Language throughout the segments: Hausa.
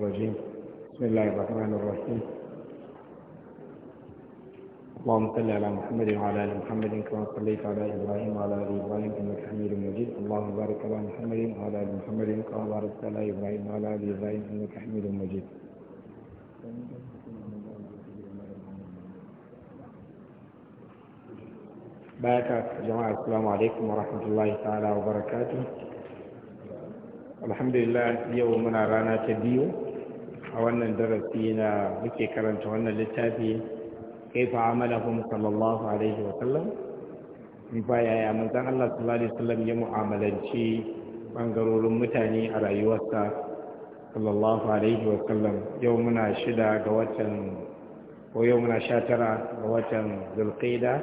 الرجيم بسم الله الرحمن الرحيم اللهم صل على محمد وعلى ال محمد كما صليت على ابراهيم وعلى ال ابراهيم انك حميد مجيد اللهم بارك على محمد وعلى ال محمد كما باركت على ابراهيم وعلى ال ابراهيم انك حميد مجيد بارك جماعة السلام عليكم ورحمة الله تعالى وبركاته الحمد لله اليوم من رانا تبيو a wannan darasi na muke karanta wannan littafi kaifa amalahum sallallahu alaihi wa sallam ba yaya manzon Allah sallallahu alaihi wa sallam ya mu'amalanci bangarorin mutane a rayuwarsa sallallahu alaihi wa sallam yau muna shida ga watan ko yau muna sha ga watan zulqaida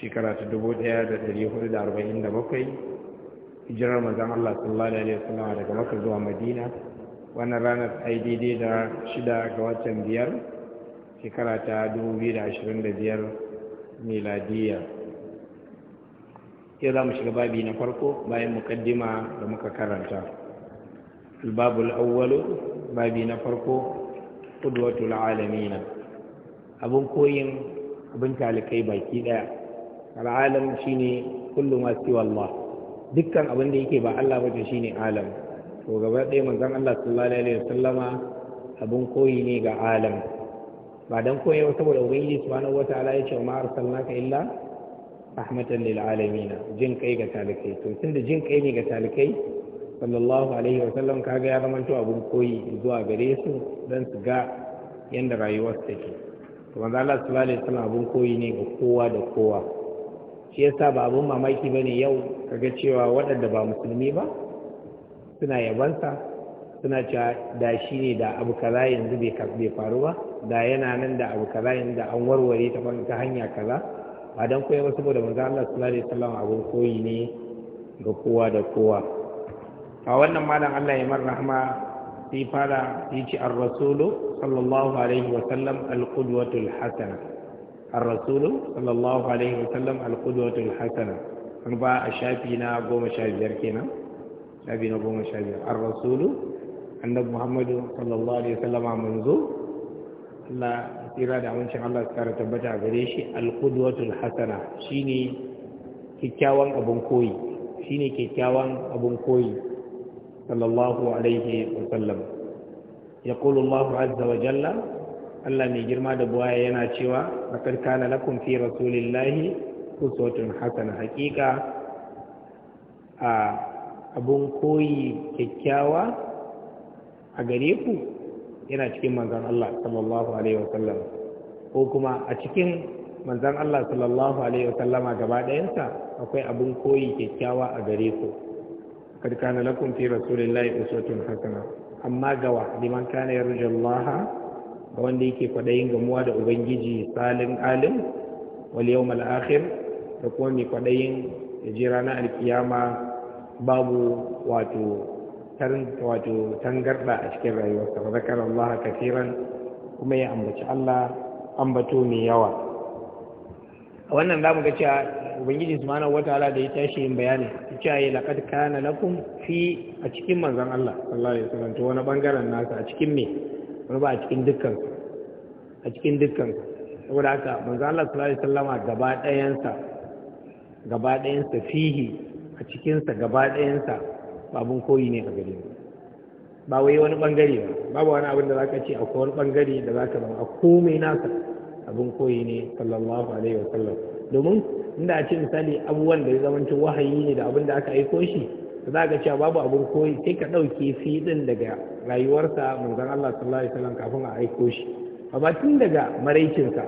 shekara ta dubu ɗaya da ɗari hudu da arba'in da bakwai hijirar manzon Allah sallallahu alaihi wa sallam daga Makka zuwa Madina wannan ranar idd da shida ga watan biyar shekara ta 2025 miladiya yau za mu shiga babi na farko bayan mukaddima da muka karanta babul awwalu babi na farko qudwatul alamina Abin koyin abin talikai baki daya al'alam shine kullum a siwa Allah dukkan abin da yake ba Allah ba shine alam to gaba ɗaya manzan Allah sallallahu alaihi wasallama abun koyi ne ga alam ba dan koyi ba saboda ubangiji subhanahu wataala ya ce ma arsalnaka illa rahmatan lil alamin jin kai ga talikai to tunda jin kai ne ga talikai sallallahu alaihi wasallam kaga ya to abun koyi zuwa gare su dan su ga yanda rayuwar take to manzan Allah sallallahu alaihi wasallam abun koyi ne ga kowa da kowa shi yasa ba abun mamaki bane yau kaga cewa waɗanda ba musulmi ba suna yabansa suna cewa da shi ne da abu kaza yanzu bai faru ba da yana nan da abu kaza yanzu da an warware ta ta hanya kaza ba don koyar ba saboda manzo Allah sallallahu alaihi wasallam abun koyi ne ga kowa da kowa a wannan malam Allah ya mar rahma sai fara yi ci ar-rasulu sallallahu alaihi wasallam al-qudwatul hasana ar-rasulu sallallahu alaihi wasallam al-qudwatul hasana an ba a shafi na goma sha biyar kenan babi na goma sha biyar ar rasulu annabi muhammadu sallallahu alaihi wasallama manzo Allah tsira da amincin Allah su kara tabbata a gare shi alqudwatul hasana shine kyakkyawan abun koyi shine kyakkyawan abun koyi sallallahu alaihi wasallam yaqulu Allah azza wa jalla Allah mai girma da buwaya yana cewa laqad kana lakum fi rasulillahi uswatun hasana hakika. a abun koyi kyakkyawa a gare ku yana cikin manzan Allah sallallahu alaihi wasallam ko kuma a cikin manzan Allah sallallahu alaihi wasallama gaba ɗayansa akwai abun koyi kyakkyawa a gare ku kad na lakum fi rasulillahi uswatun hasana amma gawa liman kana laha ga wanda yake kwaɗayin gamuwa da ubangiji salin alim wal yau akhir da kuma mai kwaɗayin ya je ranar alkiyama babu wato wato tangarda a cikin rayuwarsa wa zakar Allah kafiran kuma ya ambaci Allah ambato mai yawa a wannan zamu ga cewa ubangiji subhanahu wataala da ya tashi yin bayani cewa ya laqad kana lakum fi a cikin manzon Allah sallallahu alaihi wasallam to wani bangaren nasa a cikin me wani ba a cikin dukkan a cikin dukkan saboda haka manzon Allah sallallahu alaihi wasallama gaba ɗayansa gaba ɗayansa fihi a cikinsa gaba ɗayansa babin koyi ne a gare mu ba wai wani bangare ba babu wani abin da za ka ce a wani bangare da za ka zama a komai nasa abin koyi ne sallallahu alaihi wa sallam domin inda a ce misali abubuwan da ya zamanci wahayi ne da abin da aka aiko shi da za ka cewa babu abin koyi sai ka ɗauke fiɗin daga rayuwarsa manzon Allah sallallahu alaihi wa sallam kafin a aiko shi amma tun daga maraicinsa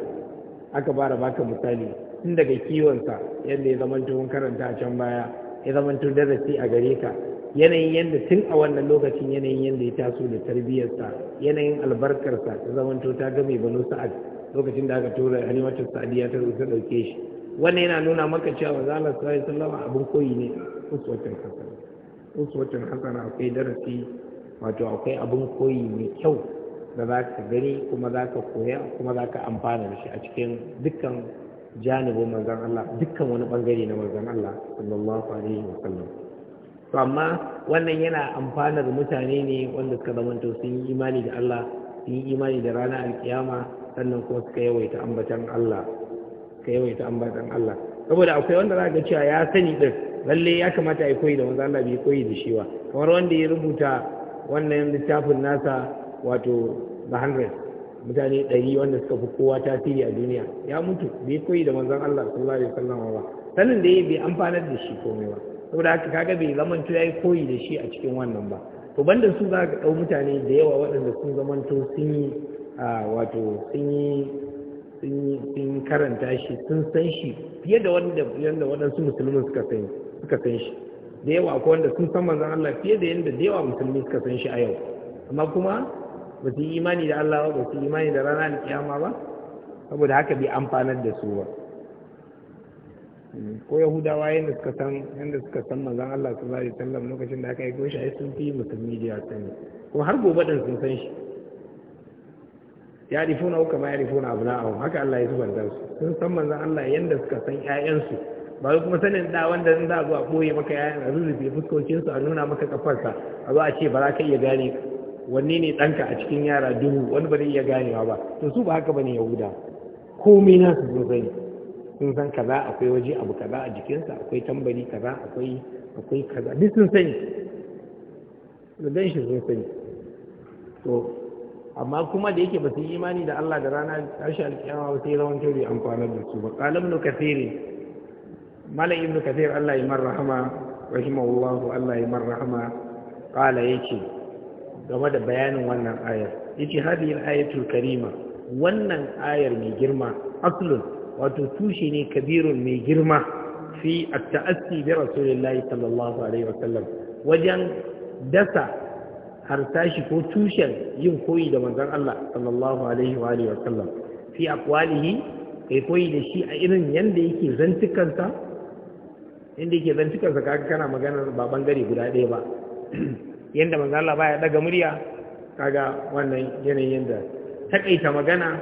aka fara baka misali tun daga kiwonsa yadda ya zamanci mun karanta a can baya ya zama darasi a gare ka yanayin yadda tun a wannan lokacin yanayin yadda ya taso da tarbiyyarsa yanayin albarkarsa ta zama to ta game banu sa'ad lokacin da aka tura halimatar sa'adiyya ta rusa ɗauke shi wannan yana nuna maka cewa manzo Allah sallallahu alaihi abin koyi ne uswatun hasana uswatun hasana akwai darasi wato akwai abin koyi mai kyau da za ka gani kuma za ka koya kuma za ka amfana da shi a cikin dukkan janibin manzan Allah dukkan wani bangare na manzan Allah sallallahu alaihi wa sallam to amma wannan yana amfanar mutane ne wanda suka to sun yi imani da Allah sun yi imani da ranar alkiyama sannan kuma suka yawaita ambatan Allah suka yawaita ambatan Allah saboda akwai wanda za ga cewa ya sani din lalle ya kamata ya koyi da manzan Allah bai koyi da shi ba kamar wanda ya rubuta wannan littafin nasa wato the mutane ɗari wanda suka fi kowa tasiri a duniya ya mutu bai koyi da manzon Allah sallallahu alaihi wasallam ba sanin da yayi bai amfanar da shi komai ba saboda haka kaga bai zamanto yayi koyi da shi a cikin wannan ba to banda su za ka ɗau mutane da yawa waɗanda sun zamanto sun yi wato sun yi sun karanta shi sun san shi fiye da wanda yanda waɗansu musulmin suka san suka san shi da yawa ko wanda sun san manzon Allah fiye da yanda da yawa musulmi suka san shi a yau amma kuma ba su yi imani da Allah ba ba su yi imani da rana da kiyama ba saboda haka bai amfanar da su ba ko yahudawa yadda suka san yadda suka san manzon Allah sallallahu alaihi wasallam lokacin da aka yi goshi ai sun fi musulmi da ya ne? kuma har gobe din sun san shi ya rifuna kama ya rifuna abna'ahum haka Allah ya zubanta su sun san manzon Allah yadda suka san ƴaƴansu ba kuma sanin da wanda zan a a ɓoye maka ƴaƴan a rurrufe fuskokinsu a nuna maka kafarsa a zo a ce ba za ka iya gane wanne ne ɗanka a cikin yara duhu wani ba zai iya ganewa ba to su ba haka bane yahuda komai nasu sun sani sun san kaza akwai waje abu kaza a jikinsa akwai tambari kaza akwai akwai kaza duk sun sani da shi sun sani to amma kuma da yake ba su yi imani da Allah da rana tashi alkiyama ba sai rawan tauri amfanar da su ba qalam nu kathiri mala ibn kathir Allah ya marhama rahimahullahu Allah ya marhama qala yake game da bayanin wannan ayar yace hadhihi al-ayatul karima wannan ayar mai girma aslun wato tushe ne kabirun mai girma fi a taassi bi rasulillahi sallallahu alaihi sallam. wajen dasa harsashi ko tushen yin koyi da manzon Allah sallallahu alaihi wa alihi wasallam fi aqwalihi kai koyi da shi a irin yanda yake zantukansa inda yake zantukansa kaga kana maganar ba bangare guda ɗaya ba yanda manzo Allah baya daga murya kaga wannan yanayin yanda takaita magana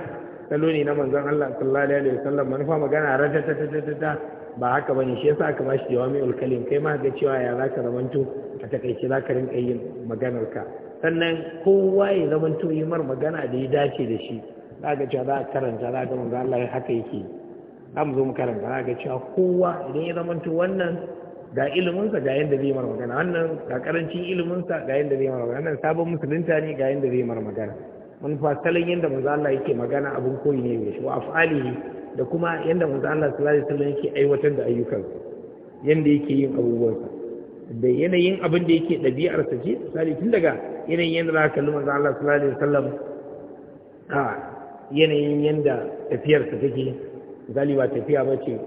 salo ne na manzan Allah sallallahu alaihi wasallam manufa magana ratatatata ba haka bane shi yasa aka bashi jawami'ul kalim kai ma ga cewa ya zaka zamanto a takaice zaka rinka yin maganar ka sannan kowa ya zamanto yi mar magana da ya dace da shi zaka cewa za ka karanta zaka manzo Allah haka yake za mu zo mu karanta zaka cewa kowa idan ya zamanto wannan ga iliminsa ga yadda zai mara magana wannan ga karancin iliminsa ga yadda zai mara magana wannan sabon musulunta ne ga yadda zai mara magana mun fasalin yadda manzo Allah yake magana abun koyi ne shi wa af'alihi da kuma yadda manzo Allah sallallahu alaihi wasallam yake aiwatar da ayyukansa yadda yake yin abubuwansa da yanayin abin da yake ɗabi'arsa ce misali tun daga yanayin yadda za ka kalli manzo Allah sallallahu alaihi wasallam a yanayin yadda tafiyarsa take misali ba tafiya ba ce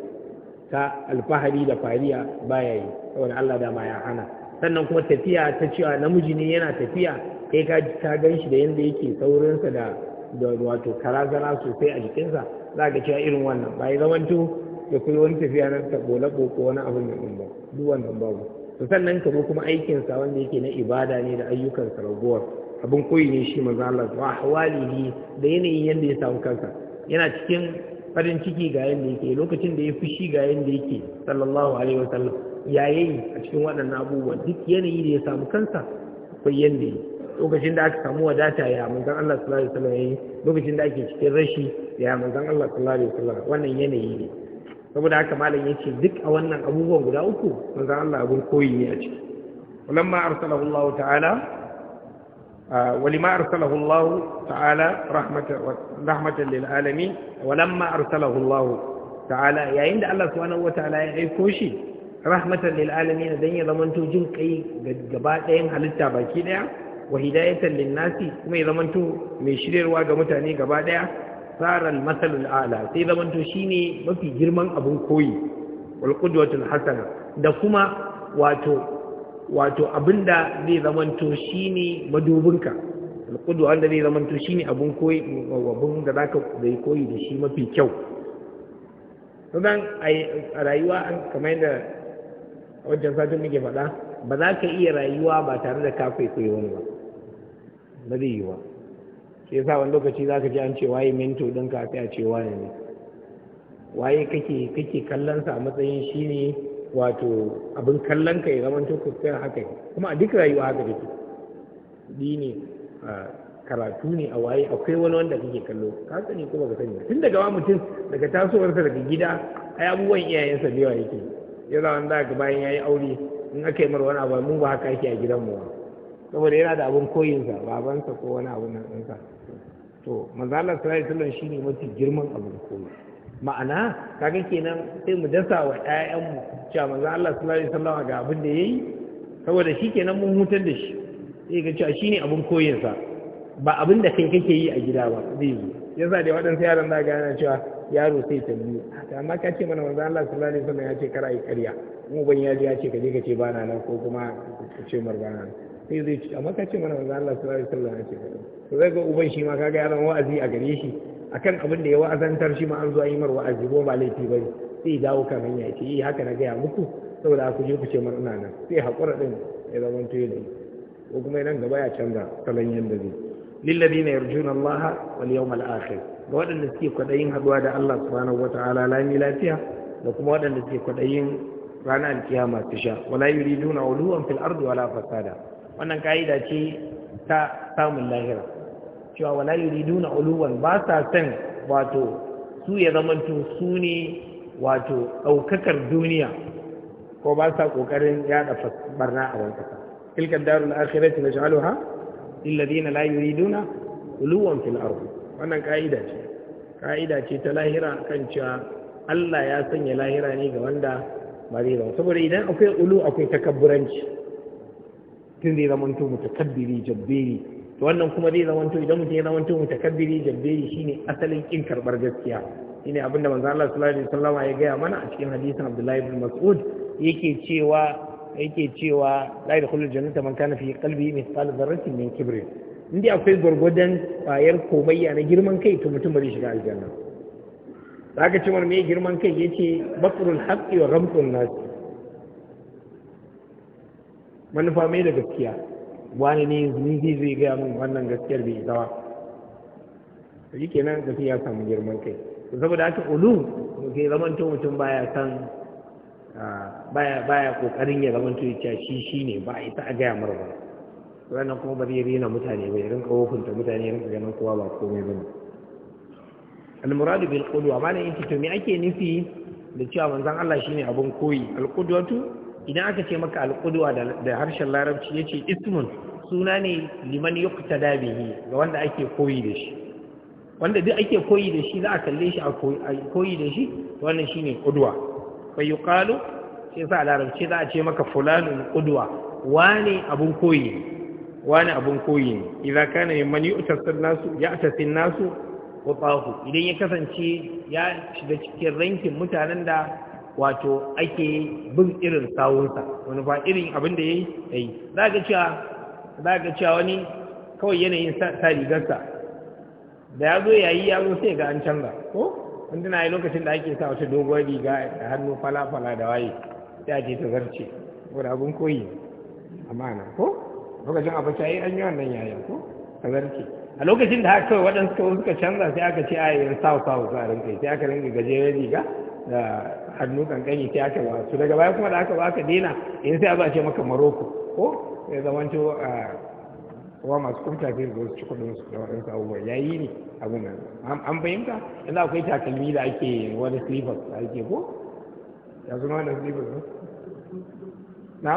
ta alfahari da fariya baya yi saboda Allah da dama ya hana sannan kuma tafiya ta cewa namiji ne yana tafiya kai ka ta gan shi da yanda yake saurinsa da da wato karazana sosai a jikinsa za ka cewa irin wannan ba ya zamanto da kai wani tafiya na bola ko wani abin da ba duk wannan babu to sannan ka kuma aikin sa wanda yake na ibada ne da ayyukan raguwar abin koyi ne shi manzo Allah wa hawali da yanayin yanda ya samu kansa yana cikin farin ciki ga yadda yake lokacin da ya fushi ga yadda yake sallallahu alaihi wa sallam yayin a cikin waɗannan abubuwa duk yanayi da ya samu kansa akwai yadda yi lokacin da aka samu wadata ya manzon Allah sallallahu alaihi wa sallam yayi lokacin da ake cikin rashi ya manzon Allah sallallahu alaihi wa sallam wannan yanayi ne saboda haka malam yace duk a wannan abubuwan guda uku manzon Allah abun koyi ne a ciki ولما أرسله الله تعالى ولما أرسله الله تعالى رحمة رحمة للعالمين ولما أرسله الله تعالى يا عند الله سبحانه وتعالى يا كوشي رحمة للعالمين دين يضمن توجين كي جبات دين هل التابعكي ديا وهداية للناس كما يضمن تو مشير واجا متاني جبات ديا صار المثل الأعلى سيضمن تو شيني ما في جرمان أبو كوي والقدوة الحسنة دكما واتو wato abinda zai zamanto shine madubinka alƙudu wanda zai zamanto shine abin koyi abin da zaka zai koyi da shi mafi kyau sannan a rayuwa an kamar yadda wajen satin muke faɗa ba za ka iya rayuwa ba tare da ka kwaikwayo wani ba ba zai yi ba shi sa wani lokaci za ka ji an ce waye mento ɗinka sai a ce wane ne waye kake kake kallon sa a matsayin shine wato abin kallon ka ya zamanto kuskure haka kuma a duk rayuwa haka take dini karatu ne a waye akwai wani wanda kake kallo ka sani kuma ka sani tun daga mutum daga tasowarsa daga gida ai abubuwan sa da yake ya zama da ga bayan yayi aure in aka yi mar wani abu mu ba haka yake a gidan mu saboda yana da abin koyinsa babansa ko wani abu nan ɗinsa to manzo Allah sallallahu alaihi wasallam shine mafi girman abin koyi ma'ana kaga kenan sai mu dasa wa ƴaƴanmu cewa manzo Allah sallallahu alaihi wasallam ga abin da yayi saboda shi kenan mun hutar da shi sai ga cewa shine abin koyin sa ba abin da kai kake yi a gida ba zai zo yasa da waɗansu yaran za ga yana cewa yaro sai tambaye amma ka ce mana manzo Allah sallallahu alaihi wasallam ya ce kar ayi ƙarya mu ban yaji ya ce ka je ka ce bana nan ko kuma ka ce mar bana nan sai zai ce amma ka ce mana manzo Allah sallallahu alaihi wasallam ya ce to zai ga uban shi ma kaga yaran wa'azi a gare shi akan abin da ya wa'azantar shi ma an zo an yi mar wa'azi ko ba laifi ba ne. sai dawo kan hanya ya ce eh haka na gaya muku saboda ku je ku ce mar ina nan sai hakura din ya zama to yi. ko kuma nan gaba ya canza salon yanda zai lilladina yarjuna Allah wal yawmal akhir ga waɗanda suke kwadayin haduwa da Allah subhanahu la lami lafiya da kuma waɗanda suke kwaɗayin rana alkiyama masu sha wala yuriduna uluwan fil ardi wala fasada wannan kaida ce ta samun lahira cewa wala yuriduna uluwan ba sa san wato su ya zamanto su ne wato ɗaukakar duniya ko ba sa ƙoƙarin yaɗa barna a wani ƙasa tilkan darul ha, naj'aluha na ladina la yuriduna uluwan fil arhu. wannan ƙa'ida ce Ƙa'ida ce ta lahira kan cewa Allah ya sanya lahira ne ga wanda ba zai zama saboda idan akwai ulu akwai takabburanci tun zai zama mutum mutakabbiri jabbiri da wannan kuma zai zamanto idan mutum ya zamanto mutakabbiri jabberi shine asalin kin karbar gaskiya shine abinda manzo Allah sallallahu alaihi wasallam ya gaya mana a cikin hadisin Abdullahi ibn Mas'ud yake cewa yake cewa la yadkhulul jannata man kana fi qalbi mithqal dharratin min kibrin indai akwai gwargwadon bayar komayya na girman kai to mutum bai shiga aljanna zaka ci me girman kai yace bakrul haqqi wa ramtun nas manufa mai da gaskiya wani ne ni zai gaya min wannan gaskiyar bai zawa ba to shi kenan tafiya samu girman kai saboda haka ulum ke zamanto mutum baya san baya baya kokarin ya zamanto ya cewa shi ne ba a isa a gaya mara ba wannan kuma ba zai rena mutane ba ya rinka wofinta mutane ya rinka ganin kowa ba komai ba ne almuradu bil qudwa malam yake to ake nufi da cewa manzon Allah shine abun koyi al qudwatu idan aka ce maka alƙudwa da harshen larabci ya ce ismun suna ne liman yukta dabihi ga wanda ake koyi da shi wanda duk ake koyi da shi za a kalle shi a koyi da shi wannan shi ne ƙudwa bai yi ƙalu sai sa larabci za a ce maka fulanin ƙudwa wane abun koyi ne wane abun koyi ne idan kana ne mani utasin nasu ya atasin nasu idan ya kasance ya shiga cikin rankin mutanen da wato ake bin irin sawunsa wani ba irin abin da ya yi za ga cewa za ga cewa wani kawai yanayin sa rigarsa da ya zo yayi ya zo sai ga an canza ko wanda na yi lokacin da ake sa wata doguwar riga da hannu fala-fala da waye ya ce ta zarce wani abin koyi amana ko lokacin abu ta yi an yi wannan yayin ko ta zarce a lokacin da haka kawai waɗansu kawai suka canza sai aka ce a yi sawu sawu sa rinkai sai aka rinka gajeren riga da hannu kankani sai aka ba su daga baya kuma da aka ba ka dena in eh, sai a ce maka maroko ko ya zamanto a ah, kuma masu kumta sai da wasu ci kudin su da waɗansu abubuwa ya yi ne abin nan an fahimta yanzu akwai takalmi da ake wani slippers da ake ko ya zama wani slippers ne na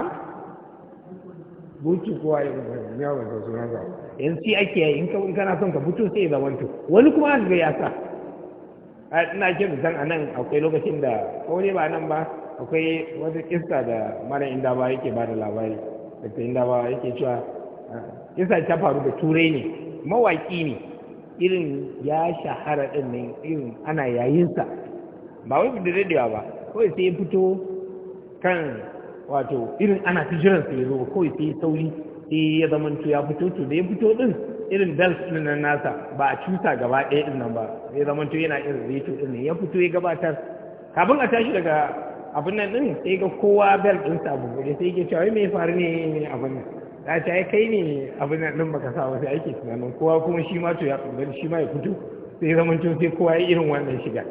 buci kowa ya zama wani suna zawo yanzu ake yi in kana son ka fito sai ya zamanto wani kuma haka ya sa ina jin zan anan akwai lokacin da ko ba nan ba akwai wata kista da mara inda ba yake ba da labari da inda ba yake cewa ah, kista ta faru da turai ne mawaki ne irin ya shahara din ne irin ana yayinsa ba wai da dadewa ba kawai sai ya fito kan wato irin ana fi jiran ya zo kawai sai sauri sai ya zamantu ya fito to da ya fito din irin belt din nan nasa ba a cuta gaba ɗaya din nan ba sai to yana irin rito din ne ya fito ya gabatar kafin a tashi daga abin nan din sai ga kowa bel din sa abu gure sai ke cewa me ya faru ne abin nan da ta kai ne abin nan din baka sa ba sai ake tunanin kowa kuma shi ma to ya tsubar shi ma ya fito sai to sai kowa ya irin wannan shiga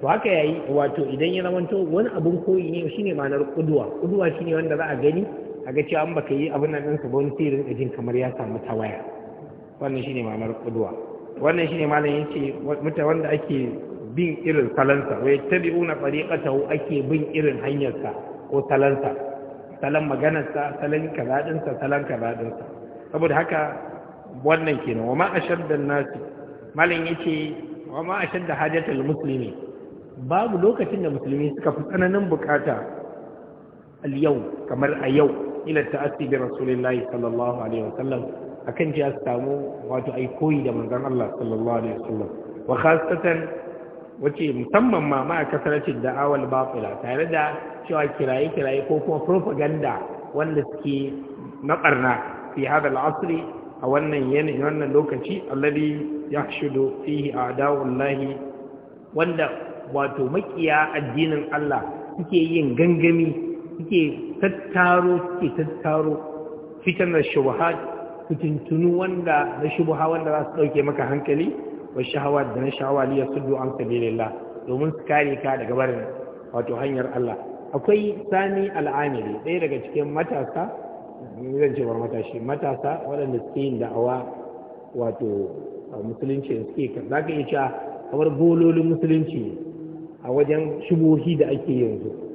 to haka yayi wato idan ya zamanto wani abun koyi ne shine ma'anar kuduwa kuduwa shine wanda za a gani a ga cewa an baka yi abin nan din su ba wani sirrin ajin jin kamar ya samu tawaya wannan shine ma'anar qudwa wannan shine malam yake muta wanda ake bin irin salansa wa yattabi'una tariqatahu ake bin irin hanyarsa ko salansa salan maganarsa salan kazadinsa salan kazadinsa saboda haka wannan kenan wa ma ashadda an-nasi malam yace wa ma ashadda hajatul muslimi babu lokacin da musulmi suka fi tsananin bukata al yau kamar a yau ila ta'assi bi rasulillahi sallallahu alaihi wa sallam. akan cewa su samu wato ai koyi da manzon Allah sallallahu alaihi wasallam wa khasatan wace musamman ma ma da awal bafila tare da cewa kiraye kiraye ko kuma propaganda wanda suke na barna fi hada al'asri a wannan yanayi wannan lokaci alladhi yahshudu fihi a'da'ullahi wanda wato makiya addinin Allah suke yin gangami suke tattaro suke tattaro fitan shubuhat fitintunu wanda na shubuha wanda za su ɗauke maka hankali wa shahawa da na shahawa liya sudu an sabilillah domin su kare ka daga barin wato hanyar Allah akwai sani al'amiri ɗaya daga cikin matasa zan ce matashi matasa waɗanda suke yin da'awa wato musulunci da suke za ka iya cewa kamar bololin musulunci a wajen shubuhi da ake yanzu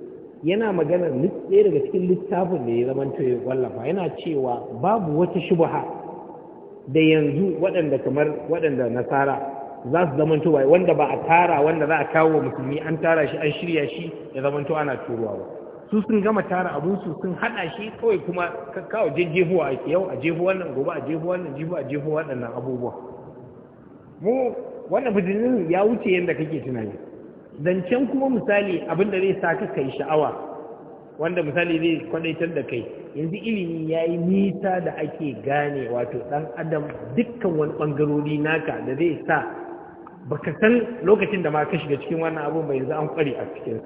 yana magana ɗaya daga cikin littafin da ya zama ya wallafa yana cewa babu wata shubha da yanzu waɗanda kamar waɗanda nasara za su zamanto wanda ba a tara wanda za a kawo musulmi an tara shi an shirya shi ya zamanto ana turuwa ba su sun gama tara su sun haɗa shi kawai kuma kawo jejjefuwa ake yau a jefu wannan gobe a jefu wannan jifu a jefu waɗannan abubuwa mu wannan fitinin ya wuce yadda kake tunani zancen kuma misali abin da zai sa ka kai sha'awa wanda misali zai kwadaitar da kai yanzu ilimi ya yi nisa da ake gane wato ɗan adam dukkan wani ɓangarori naka da zai sa ba ka san lokacin da ma ka shiga cikin wannan abu ba yanzu an kware a cikin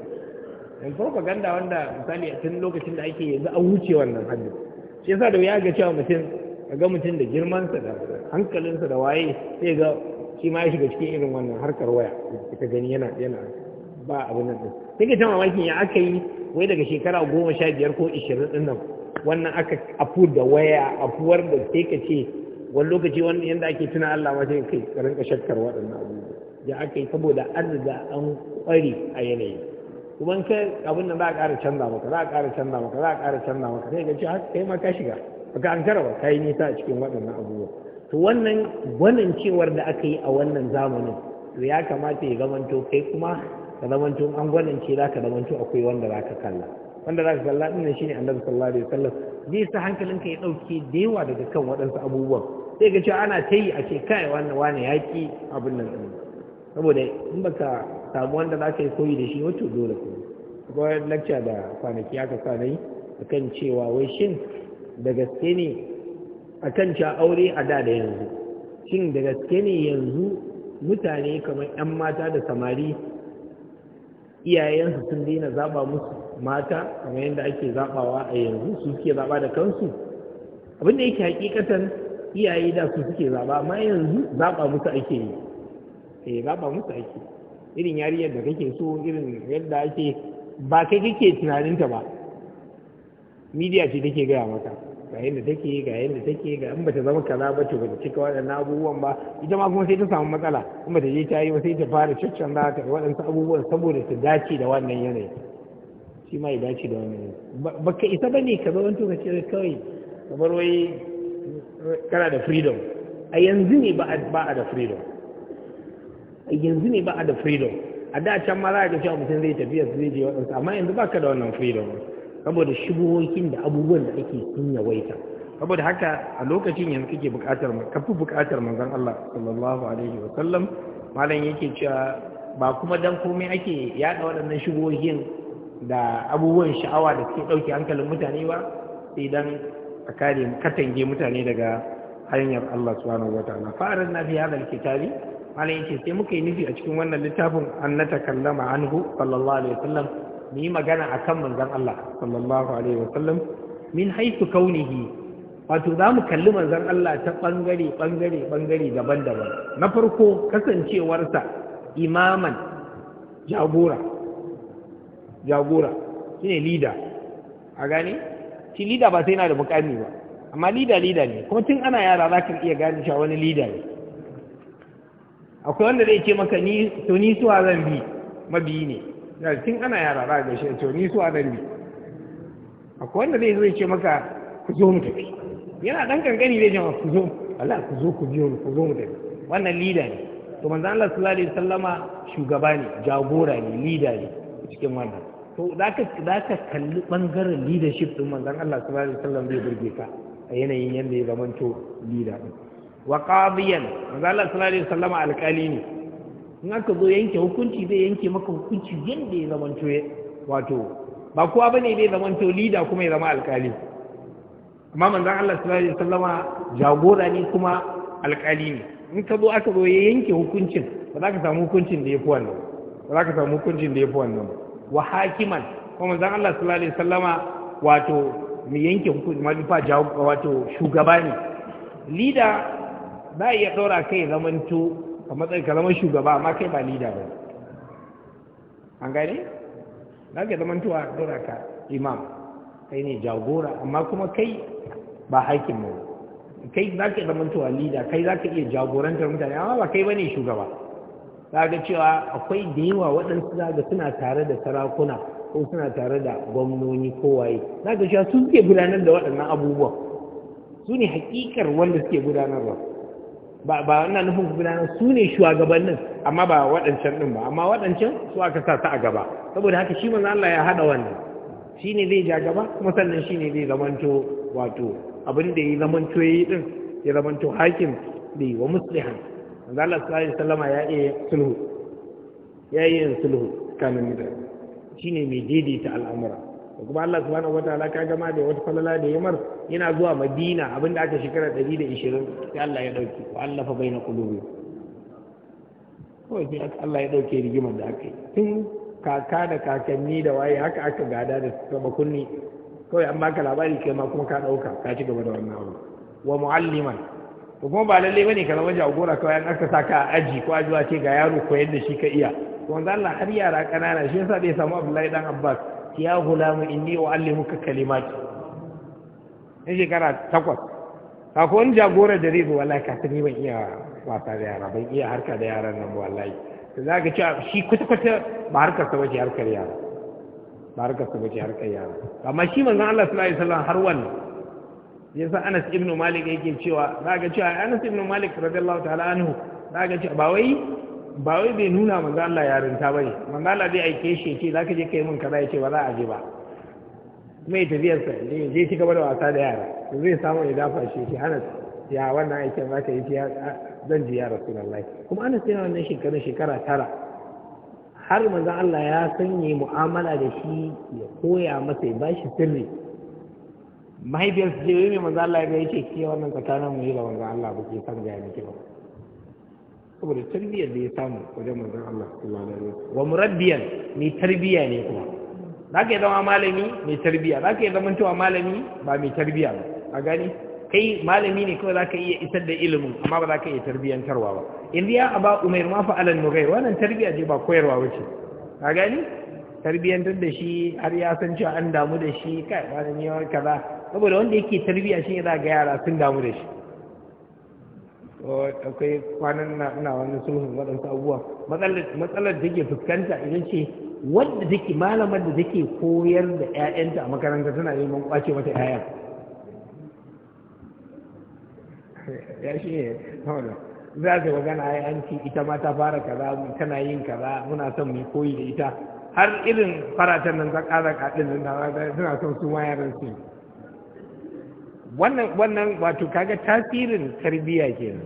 yanzu propaganda wanda misali a tun lokacin da ake yanzu an wuce wannan haddin shi yasa da ya ga cewa mutum ga mutum da girmansa da hankalinsa da waye sai ga shi ma ya shiga cikin irin wannan harkar waya ita gani yana yana ba abu nan ɗin ka ta mamakin ya aka yi wai daga shekara goma sha biyar ko ishirin ɗin nan wannan aka afu da waya afuwar da sai ka ce wani lokaci wani yadda ake tuna Allah ma sai kai ka rinka shakkar waɗannan abubuwa ya aka yi saboda an riga an ƙware a yanayi kuma in kai abin nan za a ƙara canza maka za a ƙara canza maka za a ƙara canza maka sai ka ce haka kai ma ka shiga baka an ba ka yi nisa a cikin waɗannan abubuwa to wannan gwanin cewar da aka yi a wannan zamanin to ya kamata ya zamanto kai kuma ka zamanto an gwanince za ka zamanto akwai wanda za ka kalla wanda za ka kalla din shi ne annabi sallallahu alaihi wasallam zai sa hankalinka ya dauke da yawa daga kan waɗansu abubuwan sai ga cewa ana ta yi a ce kai wannan wani yaƙi abin nan din saboda in baka samu wanda za ka yi koyi da shi wato dole ko akwai lacca da kwanaki aka sa na akan cewa wai shin da gaske ne akan cewa aure a da da yanzu shin da gaske ne yanzu mutane kamar 'yan mata da samari iyayensu sun daina zaɓa musu mata kamar yadda ake zaɓawa a yanzu su suke zaɓa da kansu abin da yake hakikatan iyaye da su suke zaɓa amma yanzu zaɓa musu ake yi eh zaɓa musu ake irin yariyar da kake so irin yadda ake ba kai kake tunaninta ba midiya ce take gaya maka ga yadda take ga yadda take ga in bata zama kaza ba to bata cika waɗannan abubuwan ba ita ma kuma sai ta samu matsala in ta je ta yi ba sai ta fara caccan za ta waɗansu abubuwan saboda ta dace da wannan yanayi shi ma ya dace da wannan yanayi ba ka isa ba ne ka zo to ka ce kawai kamar wai kana da freedom a yanzu ne ba a da freedom a yanzu ne ba a da freedom a da can ma za ka cewa mutum zai tafiya zai je waɗansu amma yanzu ba ka da wannan freedom saboda shubuhokin da abubuwan da ake sun yawaita saboda haka a lokacin yanzu kake buƙatar kafi buƙatar manzon Allah sallallahu alaihi wa sallam malam yake cewa ba kuma dan komai ake yada waɗannan shubuhokin da abubuwan sha'awa da suke ɗauke hankalin mutane ba sai dan a kare katange mutane daga hanyar Allah subhanahu wa ta'ala fa'aran na fi malam yake sai muka yi nufi a cikin wannan littafin an na takallama anhu sallallahu alaihi wa sallam mu yi magana akan manzon Allah sallallahu alaihi wasallam min haitu kaunihi wato za mu kalli manzon Allah ta bangare bangare bangare daban-daban na farko kasancewarsa imaman jagora jagora shine leader a gane shi leader ba sai yana da mukami ba amma leader leader ne kuma tun ana yara za ka iya gane cewa wani leader ne akwai wanda zai ce maka ni to ni suwa zan bi mabiyi ne da tun ana yara za ga shi to ni su a nan ne akwai wanda zai zai ce maka ku zo mu tafi yana dan kankani zai ce ku zo Allah ku zo ku biyo ku zo mu tafi wannan lida ne to manzo Allah sallallahu alaihi wasallama shugaba ne jagora ne leader ne cikin wannan to zaka zaka kalli bangaren leadership din manzo Allah sallallahu alaihi wasallam zai burge ka a yanayin yanda ya zamanto lida din wa qadiyan manzo Allah sallallahu alaihi wasallama alƙali ne in aka zo yanke hukunci zai yanke maka hukunci yadda ya to wato ba kowa ba ne zai to lida kuma ya zama alkali amma manzan Allah sallallahu alaihi wasallama jagora ne kuma alkali ne in ka zo aka zo ya yanke hukuncin ba za ka samu hukuncin da ya fi wannan ba za ka samu hukuncin da ya fi wannan wa hakiman kuma manzan Allah sallallahu alaihi wasallama wato mai yanke hukuncin jagora wato shugaba ne lida ba iya ɗora kai zamanto a matsayin ka zama shugaba amma kai ba lida ba an gani za ka zama tuwa dora ka imam kai ne jagora amma kuma kai ba haƙƙin mu kai za ka zama tuwa lida. kai za ka iya jagorantar mutane amma ba kai ba ne shugaba za ka cewa akwai da yawa waɗansu za ka suna tare da sarakuna ko suna tare da gwamnoni kowaye za ka cewa su suke gudanar da waɗannan abubuwan su ne hakikar wanda suke gudanarwa ba wannan nufin gudanar su ne shugabannin amma ba waɗancan ɗin ba amma waɗancan su aka sa ta a gaba saboda haka shi manzo Allah ya haɗa wannan shi ne zai ja gaba kuma sannan shi ne zai zamanto wato abin da ya zamanto ya yi ɗin ya zamanto hakim da yi wa muslihan manzo Allah sallallahu alaihi wasallama ya iya sulhu ya iya sulhu kanin mutane shi ne mai daidaita al'amura da kuma Allah subhanahu wataala ka gama da wata falala da yamar yana zuwa Madina abinda aka shekara 120 sai Allah ya dauke wa Allah fa baina qulubi kawai sai Allah ya dauke rigimar da aka yi tun kaka da kakanni da waye haka aka gada da saba kunni kawai an baka labari kai ma kuma ka dauka ka ci gaba da wannan abu wa mualliman to kuma ba lalle bane ka zama jagora kawai an aka saka a aji ko zuwa ce ga yaro koyar da shi ka iya to wanda Allah har yara kanana shi yasa bai samu Abdullahi dan Abbas ya hulamu inni uallimuka kalimati in shekara takwas akwai wani jagora da rizu. Wala wallahi ka sani ban iya wasa da yara ban iya harka da yaran nan wallahi to za ka ci shi kwata-kwata ba harkar sa bace harkar yara ba harkar sa bace harkar yara amma shi manzon Allah sallallahu alaihi wasallam har wannan san Anas ibn Malik yake cewa za ka cewa Anas ibn Malik radiyallahu ta'ala anhu za ka ci ba wai ba wai bai nuna manzo Allah yarinta ne. manzo Allah zai aike shi ce zaka je kai mun kaza yace ba za a je ba mai tafiyar sa ne je ci gaba da wasa da yara zai samu ya dafa shi ce Anas ya wannan aikin zaka yi ya zan ji ya Rasulullahi kuma Anas yana wannan shekara shekara tara har manzo Allah ya sanye mu'amala da shi ya koya masa ya bashi sirri mahaifiyarsa ce wai mai manzo Allah ya ce ki wannan tsakanin mu yi da manzo Allah ba ke san ga miki ba saboda tarbiyyar da ya samu wajen manzan Allah wa murabbiyan mai tarbiyya ne kuma za ka yi zama malami mai tarbiyya za ka yi zama cewa malami ba mai tarbiyya ba a gani kai malami ne kawai za ka iya isar da ilimin amma ba za ka iya tarbiyyantarwa ba in ya ba umar ma fa alal mughair wannan tarbiyya ce ba koyarwa wace a gani tarbiyyantar da shi har ya san cewa an damu da shi kai malami ya kaza saboda wanda yake tarbiyya shi ne za ga yara sun damu da shi akwai kwanan na ina wani sulhun waɗansu abubuwa matsalar da ke fuskanta idan ce wadda take malamar da take koyar da 'ya'yanta a makaranta tana man kwace mata yaya ya shi ne za ta magana ai ita ma ta fara kaza tana yin kaza muna son mu koyi da ita har irin faratan nan zaka zaka kaɗin nan suna son su ma yaran su wannan wannan wato kaga tasirin tarbiya kenan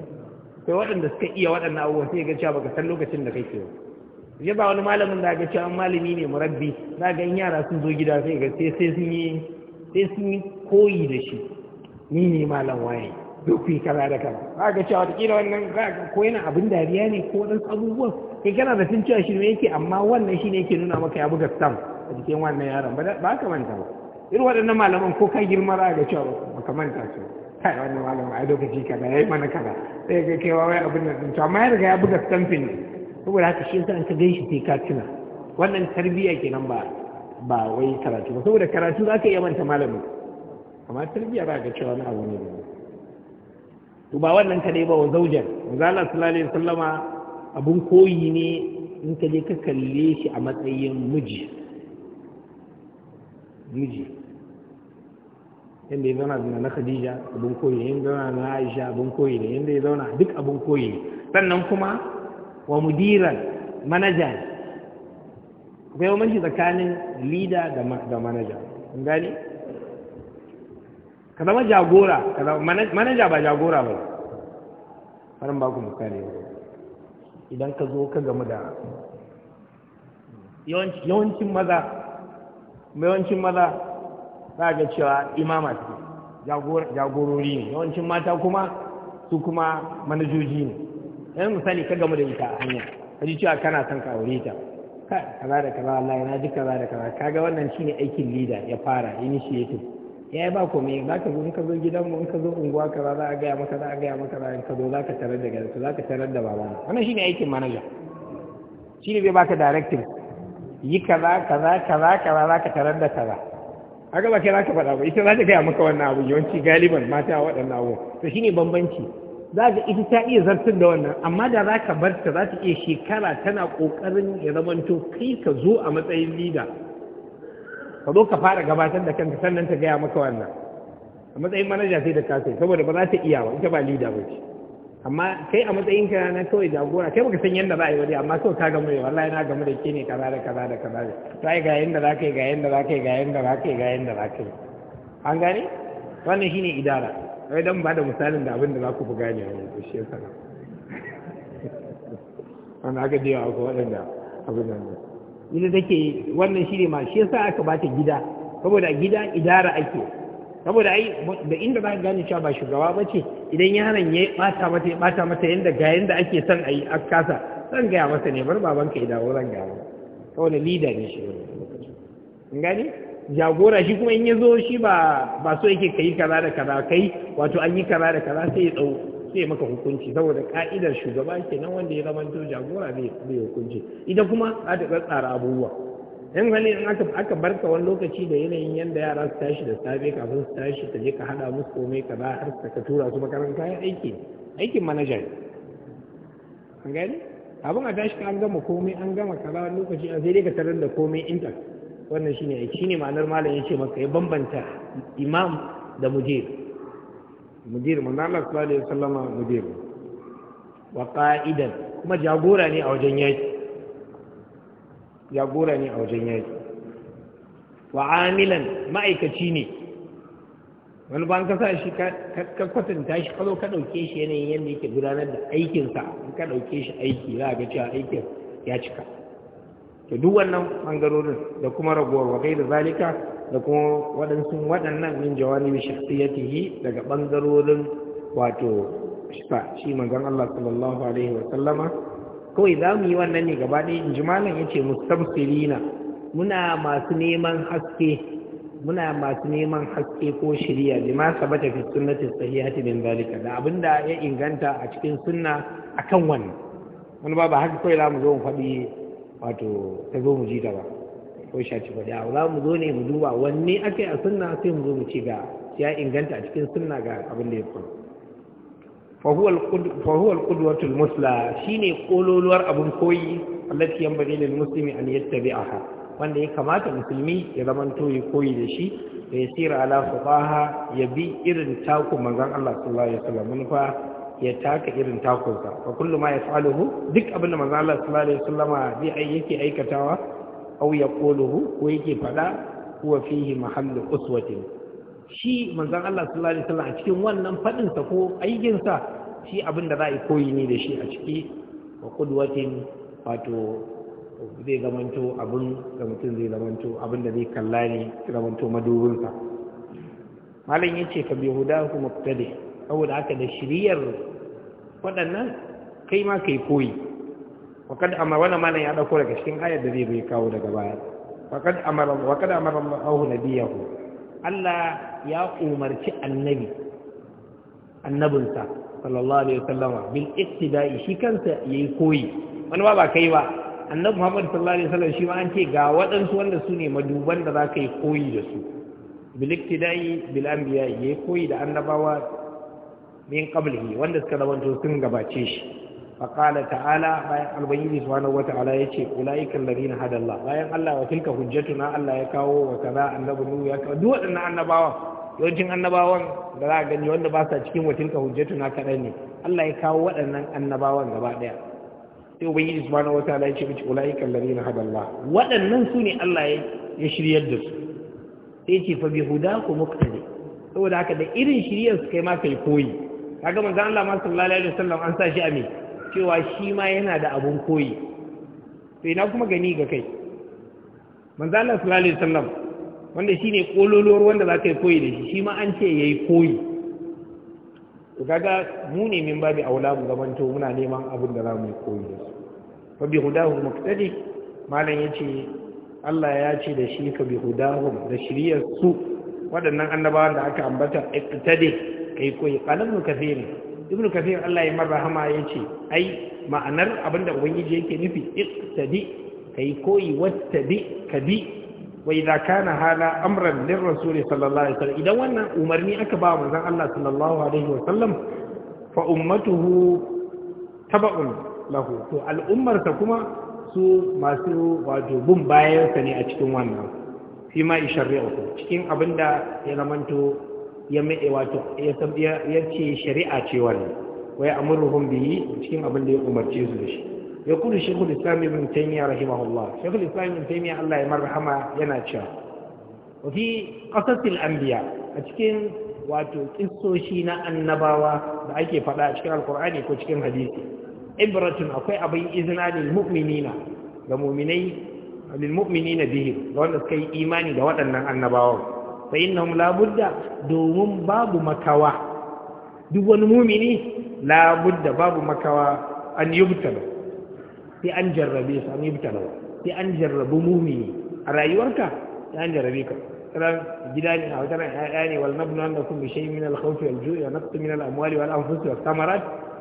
Sai waɗanda suka iya waɗannan abubuwa sai ga cewa baka san lokacin da kake ba ya ba wani malamin da ga cewa malami ne murabbi za ga in yara sun zo gida sai ga sai sai sun yi sai sun yi koyi da shi ni ne malam waye duk yi kaza da kaza za ga cewa wataƙila wannan za ga ko yana abin dariya ne ko waɗansu abubuwa? kai kana da sun cewa shi ne yake amma wannan shi ne yake nuna maka ya buga sam a jikin wannan yaron ba ka manta ba irin waɗannan malaman ko ka girma za ga cewa ba ka manta su kai wani malam a lokaci kaza yayi mana kaza sai ga kewa wai abin nan to amma ya riga ya buga stamping saboda haka shi yasa an ka gaishe sai ka tuna wannan tarbiyya kenan ba ba wai karatu ba saboda karatu za ka iya manta malamin amma tarbiyya ba ga cewa na abu ne to ba wannan dai ba wa zaujar manzo Allah sallallahu alaihi wasallama abun koyi ne in ka je ka kalle shi a matsayin miji miji yadda ya zauna zina na khadija abin koyi ne yadda zauna na aisha abin koyi ne yadda ya zauna duk abin koyi ne sannan kuma wa mudiran manaja ne akwai manji tsakanin lida da manaja kun gani? ka zama jagora manaja ba jagora ba farin ba ku misali idan ka zo ka gamu da yawancin maza yawancin maza za ga cewa imama ce jagorori ne yawancin mata kuma su kuma manajoji ne yan misali ka gama da ita a hanya ka ji cewa kana son ka aure ta kaza da kaza Allah na duka kaza da kaza kaga wannan shine aikin leader ya fara initiative ya yi ba komai za ka zo in ka zo gidanmu in ka zo unguwa kaza za a gaya maka za a gaya maka za ka zo za ka tarar da gari za ka tarar da babana wannan shine aikin manaja shine zai baka directive yi kaza kaza kaza kaza za ka tarar da kaza a gaba kai za ka faɗa ba ita za ta gaya maka wannan abu yawanci galiban mata waɗannan abu to shine bambanci za ka ita ta iya zartar da wannan amma da za ka barta ta za ta iya shekara tana ƙoƙarin ya zamanto kai ka zo a matsayin lida ka zo ka fara gabatar da kanka sannan ta gaya maka wannan a matsayin manaja sai da kasai saboda ba za ta iya ba ita ba lida ba ce amma kai a matsayin ka na kawai jagora kai baka san yanda za a yi wani amma kawai ka gamu ne wallahi na gamu da ke ne kaza da kaza da kaza da to yi ga yanda za ka yi ga yanda za ka yi ga yanda za ka yi ga yanda za ka yi an gane wannan shine idara wai dan ba da misalin da abin da za ku fi gane wani ko shi yasa wanda aka je ko waɗanda abin nan ina take wannan shine ma shi yasa aka bata gida saboda gida idara ake saboda ai da inda za ka gane cewa ba shugaba ba ce idan yaron ya bata mata ya bata mata yanda ga yanda ake son a yi a kasa zan gaya masa ne bar babanka ya dawo zan gaya masa saboda lida ne shi in gane jagora shi kuma in ya zo shi ba ba so yake kai kaza da kaza kai wato an yi kaza da kaza sai ya tsau sai maka hukunci saboda ka'idar shugaba kenan wanda ya zama jagora zai hukunci ita kuma za ta tsara abubuwa in wani in aka aka barka wani lokaci da yanayin yanda yara su tashi da safe kafin su tashi ka je ka hada musu komai ka za har ka tura su makaranta ya aiki aikin manaja ne an gani abin a tashi ka an gama komai an gama kaza wani lokaci a sai dai ka tarar da komai intact wannan shine aiki shine ma'anar malam ya ce maka ya bambanta imam da mujir mujir mun Allah sallallahu alaihi wasallama mujir wa qa'idan kuma jagora ne a wajen yaki jagora ne a wajen yaki wa amilan ma'aikaci ne wani ba ka sa shi ka kwatanta shi kazo ka ɗauke shi yanayin yadda yake gudanar da aikinsa in ka ɗauke shi aiki za a ga cewa aikin ya cika to duk wannan ɓangarorin da kuma ragowar wa da zalika da kuma waɗansu waɗannan min jawani shakhsiyatihi daga ɓangarorin wato shi manzon Allah sallallahu alaihi wa sallama kawai za mu yi wannan ne gaba ɗaya inji malam ya ce mustamsirina muna masu neman haske muna masu neman haske ko shirya bi ma sabata fi sunnati sahihati min zalika da abinda ya inganta a cikin sunna akan wannan wani ba ba haka kawai za mu zo mu faɗi wato ta zo mu ji ta ba ko ci faɗi a za mu zo ne mu duba wanne ake a sunna sai mu zo mu ci ga ya inganta a cikin sunna ga abin da ya faru fahuwal ƙudwatul musla shi ne ƙololuwar abin koyi allati yan bari lil muslimi an yattabi'aha wanda ya kamata musulmi ya zama to koyi da shi da ya sira ala fuqaha ya bi irin taku manzon Allah sallallahu alaihi wasallam mun ya taka irin takunsa fa kullu ma yaf'aluhu duk abin da manzon Allah sallallahu alaihi wasallama bi yake aikatawa aw yaquluhu ko yake fada huwa fihi mahallu shi manzan Allah sallallahu alaihi wasallam a cikin wannan faɗinsa ko aiginsa. shi abin da za a yi koyi ne da shi a ciki wa kudwatin wato zai zamanto abin da mutum zai zamanto abin da zai kalla ne zamanto madubinsa malam ya ce ka bi huda kuma fita da saboda haka da shiriyar waɗannan kai ma kai koyi wakad amara wannan malam ya ɗauko daga cikin ayar da zai bai kawo daga baya wakad amara wakad amara Allah nabiyahu Allah ya umarci annabi annabinsa sallallahu alaihi wasallama bil ittiba'i shi kansa yayi koyi wani ba ba kai ba annabi Muhammad sallallahu alaihi wasallam shi ma an ce ga waɗansu wanda su ne maduban da za ka yi koyi da su bil ittiba'i bil anbiya yayi koyi da annabawa min qablihi wanda suka rabanto sun gabace shi فقال تعالى بايان البنيدي سبحانه وتعالى يتي أولئك الذين هدى الله بايان الله وتلك حجتنا الله يكاو وكذا النبي نو يكاو دو أن النبوة yawancin annabawan da za a gani wanda ba sa cikin hujjatu na kaɗai ne Allah ya kawo waɗannan annabawan gaba ɗaya sai ubangiji subhanahu wataala ya ce miki ulaika alladhina hada Allah waɗannan su ne Allah ya shiryar da su sai ce fa bihudakum muqtadi saboda haka da irin shiryar su kai ma kai koyi kaga manzon Allah ma sallallahu alaihi wasallam an sa shi a me cewa shi ma yana da abun koyi Sai na kuma gani ga kai manzon Allah sallallahu alaihi wasallam wanda shine kololuwar wanda za ka yi koyi da shi shi ma an ce ya yi koyi ku kaga mu ne min babi aula mu to muna neman abin da za mu yi koyi da su fa bi hudahu muktadi malam yace Allah ya ce da shi fa bi hudahu da shiriyar su waɗannan annabawan da aka ambata iktadi kai koyi qalam kathir ibnu kafir Allah ya marhama yace ai ma'anar abinda ubangiji yake nufi iktadi kai koyi wattabi kadi Wai idza kana hada amran lir rasul sallallahu alaihi wasallam idan wannan umarni aka ba manzon Allah sallallahu alaihi wasallam fa ummatuhu taba'un lahu to al'ummar ta kuma su masu wato bin bayan sa ne a cikin wannan fi ma isharri'u cikin abinda ya zamanto ya mai wato ya ce shari'a ce wannan wai amurruhum bihi cikin abinda ya umarce su da shi يقول الشيخ الإسلام ابن تيمية رحمه الله شيخ ya ابن yana cewa, يمرحمه يناتشا وفي قصص a cikin wato kissoshi na annabawa da ake faɗa a cikin alkur'ani ko cikin hadisi ibratun akwai abin izina lil mu'minina ga mu'minai lil mu'minina bihi ga wanda suka yi imani da waɗannan annabawa fa innahum la budda domin babu makawa duk wani mu'mini la budda babu makawa an yubtala sai an jarrabe su an yi bita rawa sai an jarrabu mumini a rayuwarka sai an jarrabe ka ran gida ne a wata ran ne wal nabnu annakum bi shay'in min al-khawf wal ju' wa naqt min al-amwali wal anfus was thamarat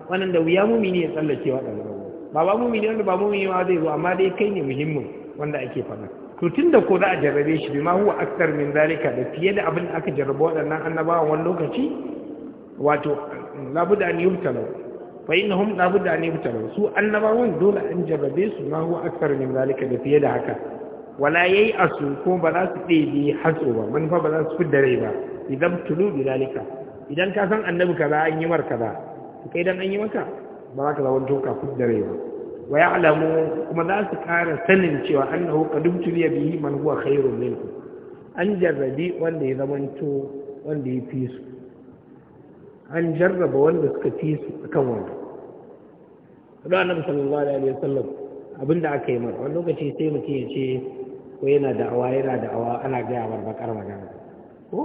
wannan da wuya mumini ya tsallake waɗannan ba ba mumini wanda ba mumini ma zai zo amma dai kai ne muhimmin wanda ake faɗa to tunda ko za a jarrabe shi bima huwa akthar min zalika da fiye da abin da aka jarraba waɗannan annabawan wani lokaci wato labuda an yubtalau fa innahum la budda an yubtalu su annabawan dole an jarrabe su ma huwa akthar min zalika da fiye da haka wala yayi asu ko ba za su ɗebe hatso ba manufa ba za su fidda rai ba idan tulu bi zalika idan ka san annabi kaza an yi mar kaza to kai dan an yi maka ba za ka zawon toka fidda rai ba wa kuma za su ƙara sanin cewa annahu qad ubtuliya an jarrabi wanda ya zamanto wanda ya fi su an jarraba wanda suka fi su kan wanda da annabi sallallahu alaihi wasallam abinda aka yi mara wani lokaci sai mutum ya ce ko yana da'awa yana da'awa ana gaya mar bakar magana ko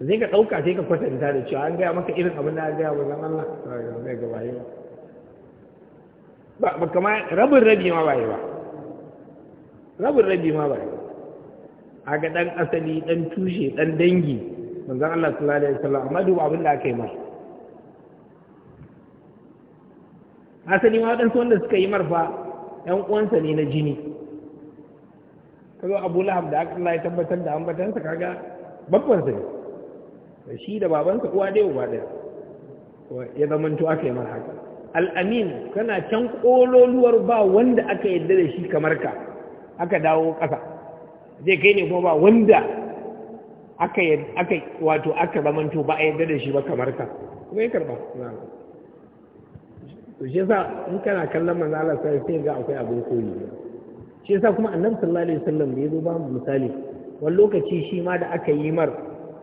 zai ka ɗauka sai ka kwatanta da cewa an gaya maka irin abin da an gaya wa zan Allah zai ga waye ba ba kama rabin rabi ma ba yi ba rabin rabi ma ba yi a ga ɗan asali ɗan tushe ɗan dangi manzan Allah sallallahu alaihi wasallam amma duba abin da aka yi mar asali ma waɗansu wanda suka yi marfa ‘yan uwansa ne na jini kaga Abu Lahab da Allah ya tabbatar da ambatansa kaga babbansa ne da shi da babansa uwa dai uba ɗaya ya zamanto aka yi mara haka al-amin kana can ƙololuwar ba wanda aka yarda da shi kamar ka aka dawo ƙasa zai kai ne kuma ba wanda aka aka wato aka zamanto ba a yadda da shi ba kamar ka kuma ya karba to shi yasa in kana kallon manzo Allah sai sai ga akwai abin koyi shi yasa kuma annabi sallallahu alaihi wasallam da yazo ba mu misali wani lokaci shi ma da aka yi mar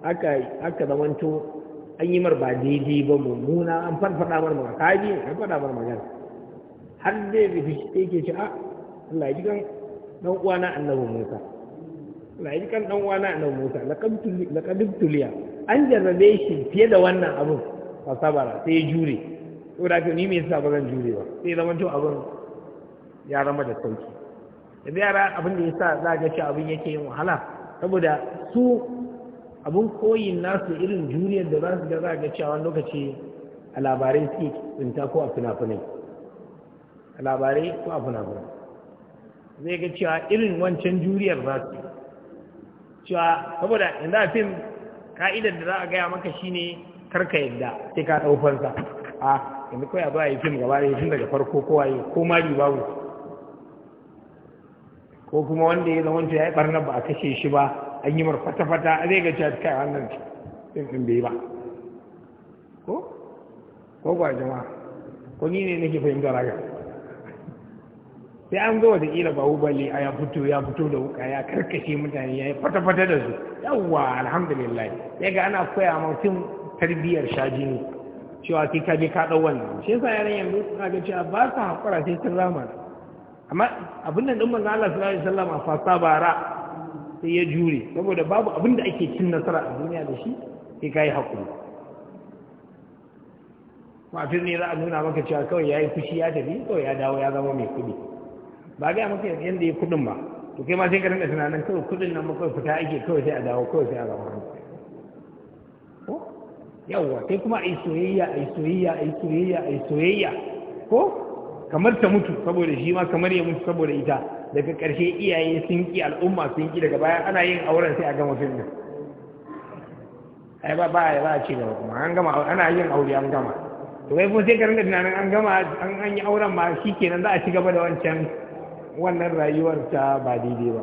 aka aka to an yi mar ba daidai ba mummuna an farfada mar magana ji an farfada mar magana har dai da shi yake ce a ah, Allah ya ji kan dan uwana annabi Musa na yi kan dan wani nan Musa laqad tuliya an jarrabe shi fiye da wannan abun fa sabara sai ya jure saboda ka ni me yasa ba zan jure ba sai zama to abun ya zama da sauki da yara abin da yasa za ga shi abin yake yin wahala saboda su abun koyin nasu irin juriyar da za su ga za ga cewa lokaci a labarai suke tsinta ko a fina-finai a labarai ko a fina-finai zai ga cewa irin wancan juriyar za su cewa saboda yanzu a fim ka'idar da za a gaya maka shi ne karka yadda sai ka ɗau a yanzu kawai a baya fim gaba da tun daga farko kowa yi ko mari babu ko kuma wanda ya zama ya yi barnar ba a kashe shi ba an yi mar fata-fata a zai ga a cikin wannan fim ɗin bai ba ko ko ba jama'a ko ni ne nake fahimtar ragar sai an zo wataƙila ba ubali a ya fito ya fito da wuka ya karkashe mutane ya yi fata-fata da su yawwa alhamdulillah sai ga ana koya mutum tarbiyyar shajini cewa sai ka je ka ɗau wannan shi yasa yaran yanzu suna ga cewa ba su haƙura sai sun rama amma abin nan ɗin manzo Allah sallallahu alaihi wasallam a fasa bara sai ya jure saboda babu abin da ake cin nasara a duniya da shi sai ka yi haƙuri mafin ne za a nuna maka cewa kawai ya yi fushi ya tafi kawai ya dawo ya zama mai kuɗi. ba ga mutum yadda ya kudin ba to kai ma sai ka dinga tunanin kawai kudin nan kawai fita ake kawai sai a dawo kawai sai a dawo ko yawwa kai kuma ai soyayya ai soyayya ai soyayya ai soyayya ko kamar ta mutu saboda shi ma kamar ya mutu saboda ita daga ƙarshe iyaye sun ki al'umma sun ki daga baya ana yin auren sai a gama fim din ai ba ba ba ci gaba kuma an gama ana yin aure an gama to kai kuma sai ka dinga tunanin an gama an yi auren ma shikenan za a ci gaba da wancan wannan rayuwar ta ba daidai ba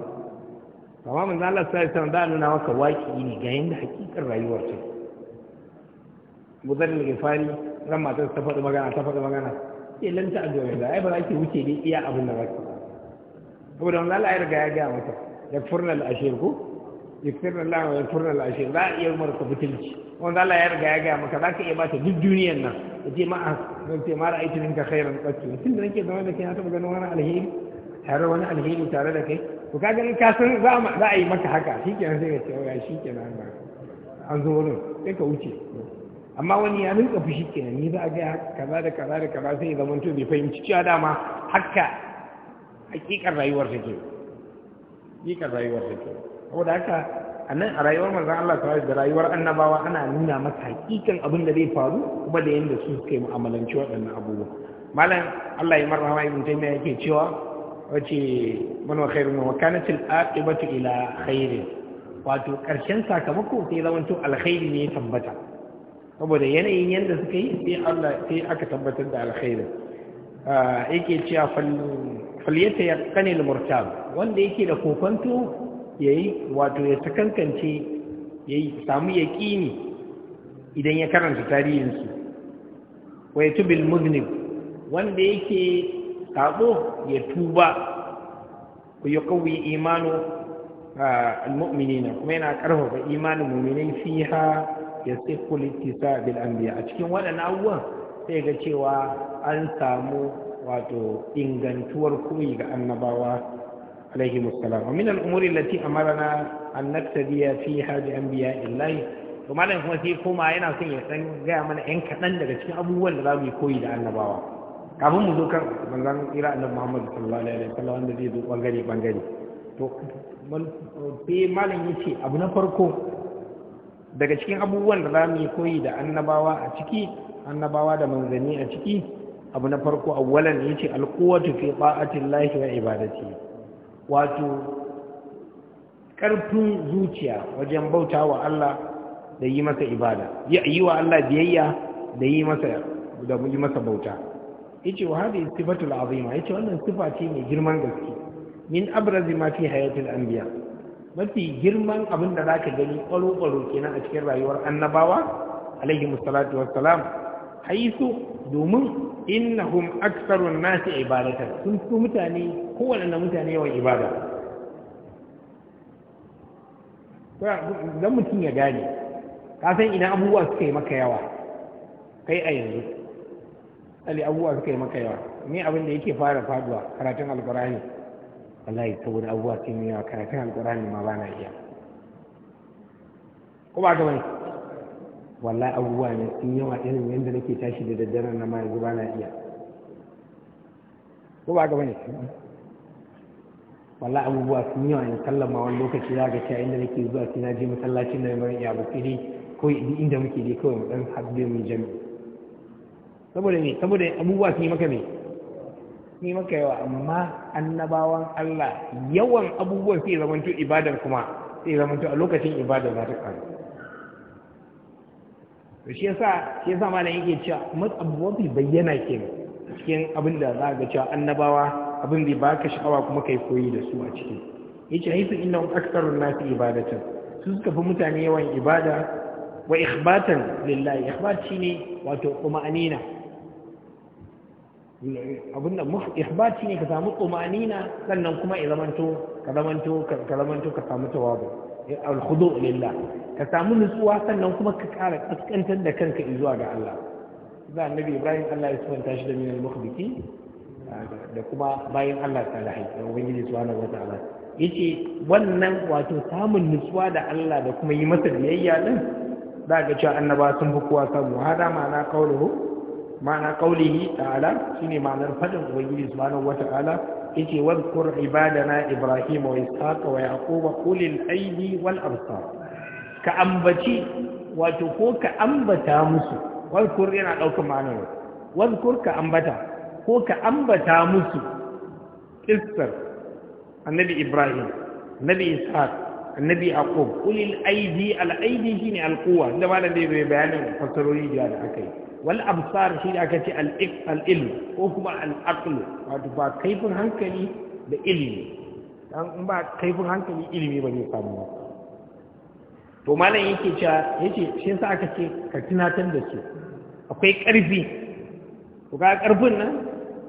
amma manzo Allah sai san da nuna maka waki ne ga yanda hakikar rayuwar ce Budan Gifari ran matar ta faɗi magana ta faɗi magana ke eh, lanta a dole da ai ba za ki wuce dai iya abin da ba ki saboda don Allah ya riga ya ga mata ya furna al-ashir yakfirna Allah wa yakfurna al-ashir za iya umar ka butulci manzo Allah ya riga ya ga maka za ka iya ba ta duk duniyar nan yace ma ce ma ra'aytu minka khairan qattu da nake zama da kai na taɓa ganin wani alheri tare wani alheri tare da kai to kaga gani ka san za a yi maka haka shikenan sai ya ce ya shikenan ba an zo wurin sai ka wuce amma wani ya rinka fushi kenan ni za a ga kaza da kaza da kaza sai ya zama to bai fahimci cewa dama haka hakikar rayuwar take hakikar rayuwar take saboda haka a nan a rayuwar manzon Allah ta da rayuwar annabawa ana nuna masa hakikan abin da zai faru kuma da yanda su suka yi mu'amalanci waɗannan abubuwa malam Allah ya marhama ibn taymiya yake cewa wace man wa khairu wa kanat al aqibatu ila khairin wato karshen sakamako sai zamanto alkhairi ne tabbata saboda yanayin yanda suka yi sai Allah sai aka tabbatar da alkhairi ah, yake cewa falyata yaqani al murtab wanda yake da kokonto yayi wato ya sakankance yayi samu yaqini idan ya karanta tarihinsu su wa yatubul muznib wanda yake sabo ya tuba ku ya kawai imanu al-mu'minina kuma yana karfafa imanin mu'minai fiha ya sifu littisa bil anbiya a cikin waɗannan abubuwan sai ga cewa an samu wato ingantuwar koyi ga annabawa alaihi musallam min al-umuri allati amarna an naktadiya fiha bi anbiya illahi to malam kuma sai koma yana son ya san gaya mana yan kaɗan daga cikin abubuwan da za mu yi koyi da annabawa kafin mu zo kan manzan ira annabi muhammadu sallallahu alaihi sallam wanda zai zo bangare bangare to sai malam ya ce abu na farko daga cikin abubuwan da za mu yi koyi da annabawa a ciki annabawa da manzanni a ciki abu na farko awwalan ya ce alkuwatu fi ta'atin lahi wa ibadati wato karfin zuciya wajen bauta wa Allah da yi masa ibada yi wa Allah biyayya da yi masa da yi masa bauta yace wa hadhihi sifatul azima yace wannan sifa ce mai girman gaske min abrazi ma fi al anbiya mafi girman abin da zaka gani kwaro kwaro kenan a cikin rayuwar annabawa alaihi musallatu wassalam haisu domin innahum an nasi ibadatan sun fi mutane kowanne mutane yawan ibada dan mutum ya gane ka san idan abubuwa suka yi maka yawa kai a yanzu ali abubuwa suka yi maka yawa ni abin da yake fara faduwa karatun alkurani wallahi saboda abubuwa sun yi yawa karatun alkurani ma bana iya ko ba ga bane wallahi abubuwa ne sun yawa irin yadda nake tashi da daddare na ma yanzu bana iya ko ba ga bane wallahi abubuwa sun yi yawa in sallan ma wani lokaci za ka cewa inda nake zuwa sai na je masallacin da mara iya ba sai dai ko inda muke dai kawai mu dan haɗu mu jami'i saboda ne saboda abubuwa sun yi maka ne sun yi maka yawa amma annabawan Allah yawan abubuwan sai zamanto ibadar kuma sai zamanto a lokacin ibadar za ta ƙari to shi yasa shi yasa malam yake cewa matsabuwa bai bayyana kenan cikin abin da za ga cewa annabawa abin bai ka sha'awa kuma kai koyi da su a ciki yace haisu inna na nasi ibadatan su suka fi mutane yawan ibada wa ikhbatan lillahi ikhbat shine wato kuma anina abin da ihbaci ne ka samu tsumanina sannan kuma ya zamanto ka zamanto ka zamanto ka samu tawabu al lillah ka samu nutsuwa sannan kuma ka kara kaskantar da kanka zuwa ga Allah da annabi Ibrahim Allah ya subanta shi da minal mukhbiti da kuma bayan Allah salihai da ubangiji subhanahu wataala yace wannan wato samun nutsuwa da Allah da kuma yi masa biyayya din za ga cewa annaba sun fi kowa samu hada na kauluhu ma'ana qaulihi ta'ala shine ma'anar fadin ubangiji subhanahu wata'ala yace wadhkur ibadana ibrahima wa ishaqa wa yaquba ulil aidi wal absar ka ambaci wato ko ka ambata musu wadhkur yana daukar ma'anar wadhkur ka ambata ko ka ambata musu kissar annabi ibrahim annabi ishaq annabi aqub ulil aidi al aidi shine al quwa da malam bai bayanin fasarori da aka yi wal absar shi da aka ce al ko kuma al wato ba kaifin hankali da ilimi dan ba kaifin hankali ilimi ba ne samu ba to malam yake cewa yace shi sa aka ce ka tunatar da su akwai ƙarfi to ga ƙarfin nan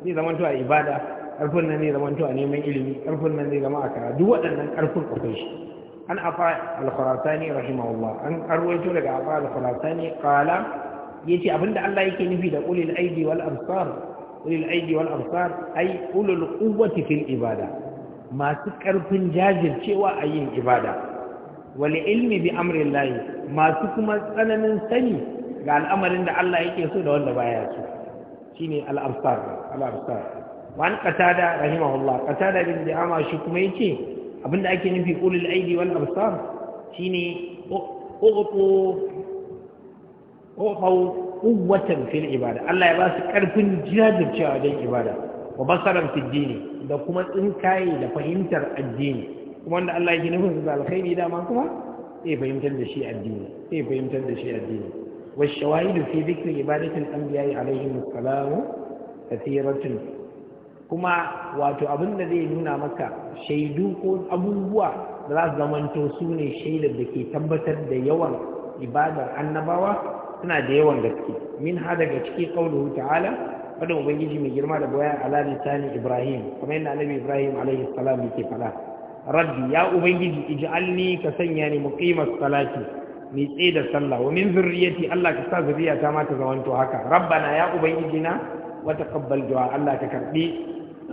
zai zama a ibada ƙarfin nan zai zama a neman ilimi ƙarfin nan zai zama a kara duk waɗannan ƙarfin akwai shi an afa al-khurasani rahimahullah an arwaito daga afa al-khurasani qala yace abinda Allah yake nufi da ulil aidi wal absar ulil aidi wal absar ai ulul quwwati fil ibada masu karfin jajircewa a yin ibada wal ilmi bi amri Allah masu kuma tsananin sani ga al'amarin da Allah yake so da wanda baya so shine al absar al absar wa qatada rahimahullah qatada bin di'ama shi kuma yace abinda ake nufi ulul aidi wal absar shine uqtu أو قوة في العبادة الله يباس كرف جاد في ibada. Wa basaran الدين da kuma tsinkaye da fahimtar addini kuma wanda Allah yake nufin da alkhairi dama kuma sai fahimtar da shi addini sai fahimtar da shi addini wa shawahidu fi dhikri ibadati al-anbiya alaihim kathiratun kuma wato abin da zai nuna maka shaidu ko abubuwa da za su zamanto su ne shaidar da ke tabbatar da yawan ibadar annabawa suna da yawan gaske min ha daga ciki qauluhu ta'ala fadin ubangiji mai girma da boya ala lisani ibrahim kamar yadda annabi ibrahim alaihi salam yake fada rabbi ya ubangiji ij'alni ka sanya ni muqimas salati ni tsaye da sallah wa min zurriyati Allah ka sa zuriyata ma ta zawanto haka rabbana ya ubangiji na wa taqabbal du'a Allah ka karbi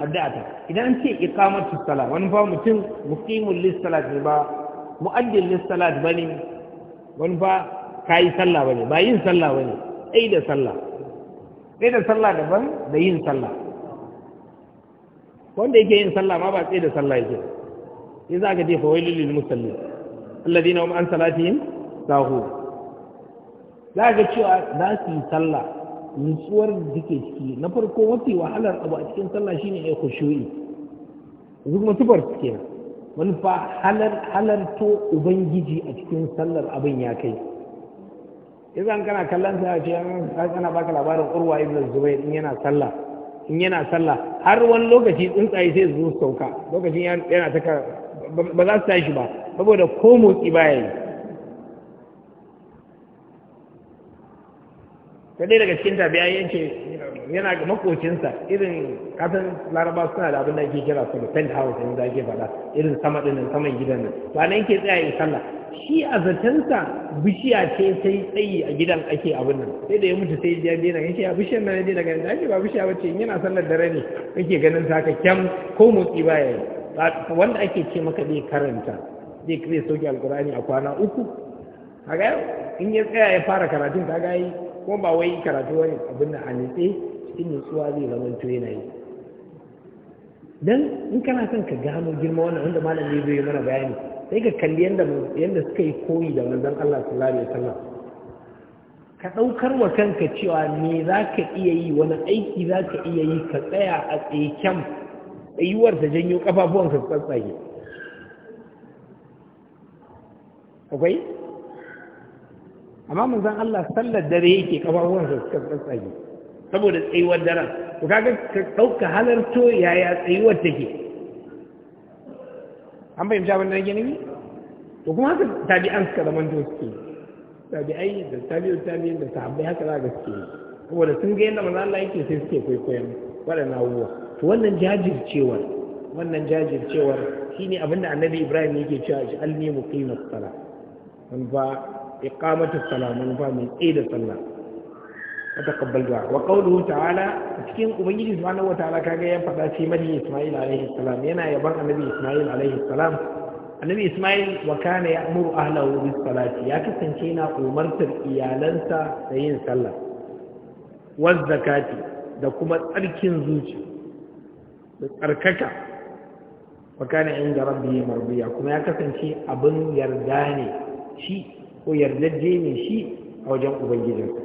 addu'ata idan an ce iqamatu salah wani fa mutum muqimul lis salat ba mu'addil lis salat bane wani fa ka yi sallah ba ne ba yin sallah ba ne tsaye da sallah tsaye da sallah daban da yin sallah wanda yake yin sallah ma ba tsaye da sallah yake ya za ka jefa lullu lil musallin alladhina wani an yin sahu za ka cewa za su yi sallah nutsuwar da ke ciki na farko mafi wahalar abu a cikin sallah shine ya kushoyi yanzu kuma tubar suke manufa halarto ubangiji a cikin sallar abin ya kai idan kana kallon sa ce kana baka labarin urwa ibn zubair in yana sallah in yana sallah har wani lokaci tsuntsaye sai su sauka lokacin yana ta ba za su tashi ba saboda ko motsi baya yi dai daga cikin tabiya yake yana ga makocinsa irin kasan laraba suna da abin da ake kira su da pent house in da ake faɗa irin sama ɗin saman gidan nan ba nan ke tsaya in sallah shi a zatansa bishiya ce sai tsayi a gidan ake abin nan sai da ya mutu sai ya daina yake a bishiyar nan ne daga ake ba bishiya bace in yana sallar dare ne kake ganin ta ka kyam ko motsi ba yi wanda ake ce maka zai karanta zai zai soke alkurani a kwana uku kaga in ya tsaya ya fara karatun kaga yi kuma ba wai karatu wani abin da a nitse cikin nutsuwa zai zama to yana yi dan in kana son ka gano girma wannan wanda malam ne zai mana bayani sai ka kalli yadda suka yi koyi da manzon Allah sallallahu alaihi wasallam ka ɗaukar wa kanka cewa me ka iya yi wani aiki za ka iya yi ka tsaya a tseken tsayuwar ta janyo kafafuwan ka tsatsage akwai amma mun san Allah sallar dare yake kafafuwan sa suka tsage saboda tsayuwar daren to kaga ka dauka to yaya tsayuwar take an bayyana abin da nake nufi to kuma haka tabi'an suka zama to suke tabi'ai da tabi'u tabi'in da sahabbai haka za ga suke saboda sun ga yadda manzo Allah yake sai suke kwaikwayon waɗannan abubuwa to wannan jajircewar wannan jajircewar shine abinda annabi Ibrahim yake cewa alni muqimat sala man ba iqamatu salamun ba min tsaye da sallah ta takabbal du'a wa qawluhu ta'ala cikin ubangiji subhanahu wa ta'ala kage ya fada ce mali isma'il alaihi salam yana yaban annabi isma'il alaihi salam annabi isma'il wa kana ya'muru ahlahu bis salati ya kasance yana umartar iyalansa da yin sallah wa zakati da kuma tsarkin zuci da tsarkaka wa kana inda rabbi marbiya kuma ya kasance abin yarda ne shi ko yardajje ne shi a wajen ubangijinsa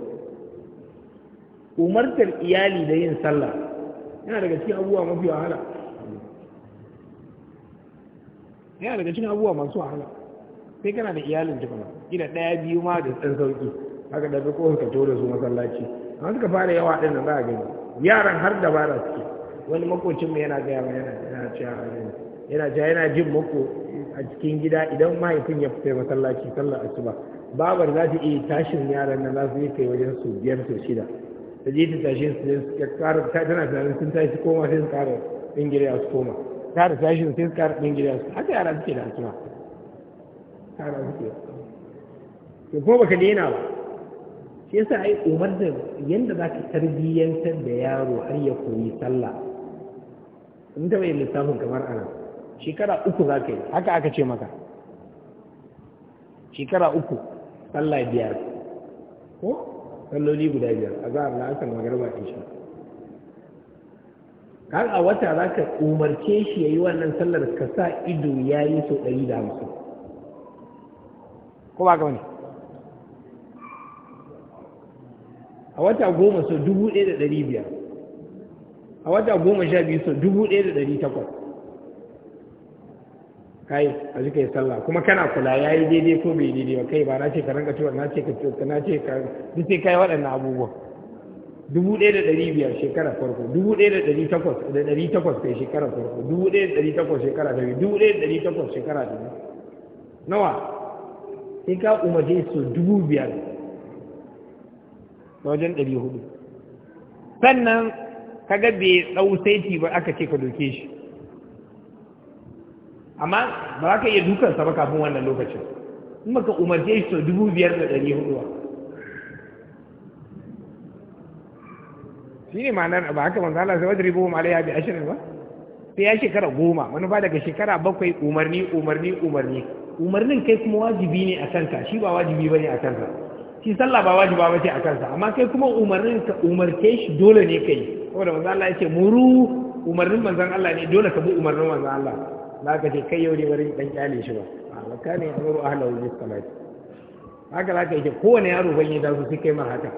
umartar iyali da yin sallah yana daga cikin abubuwa mafi wahala yana daga cikin abubuwa masu wahala sai kana da iyalin tukuna gina ɗaya biyu ma da ɗan sauƙi haka da ko ka to su masallaci amma suka fara yawa ɗin da za a gani yaran har da da suke wani makocin mu yana gaya ma yana cewa yana yana jin mako a cikin gida idan mahaifin ya fita masallaci sallar asuba babar za ta iya tashin yaran nan za su yi kai wajen su biyar su shida ta je ta tashin su ya kara tana tunanin sun tashi koma sai su kara ɗingiriya su koma kara tashin sai su kara ɗingiriya su haka yara suke da asuba yara suke to ko baka daina ba shi yasa ai umar da yanda za ka tarbiyyantar da yaro har ya koyi sallah in ta bai lissafin kamar anan. shekara uku za ka yi haka aka ce maka shekara uku sallah biyar ko salloli guda biyar a zahar na asar magarba isha kan a wata za ka umarce shi ya yi wannan sallar ka sa ido ya yi sau ɗari da hamsin ko ba ka wani a wata goma sau dubu ɗaya da ɗari biyar a wata goma sha biyu sau dubu ɗaya da ɗari takwas kai a ji yi sallah kuma kana kula ya yi daidai ko bai daidai ba kai ba na ce ka ranka ciwon na ce ka ciwon na ce ka duk sai kai waɗannan abubuwan dubu ɗaya da ɗari biyar shekara farko dubu ɗaya da ɗari takwas da ɗari takwas kai shekara farko dubu ɗaya da ɗari takwas shekara ta biyu dubu ɗaya da ɗari takwas shekara ta biyu nawa sai ka umarce su dubu biyar da wajen ɗari hudu sannan kaga bai ɗau saiti ba aka ce ka doke shi amma ba za ka iya sa ba kafin wannan lokacin in ka umarce shi to dubu biyar da ɗari hudu ba shi ne ma'anar ba haka manzo Allah sai wajen ribo malaya bi ashirin ba sai ya shekara goma wani ba daga shekara bakwai umarni umarni umarni umarnin kai kuma wajibi ne a kanka shi ba wajibi ba ne a kanka. shi sallah ba wajiba ba ce a kansa amma kai kuma umarnin ka umarce shi dole ne kai saboda manzo Allah ya ce muru umarnin manzon Allah ne dole ka bi umarnin manzon Allah za ka ce kai yau ne bari dan kyale shi ba a ka ne amuru ahlahu bis salati haka za ka yi kowane yaro ban yi tasu sai kai mar haka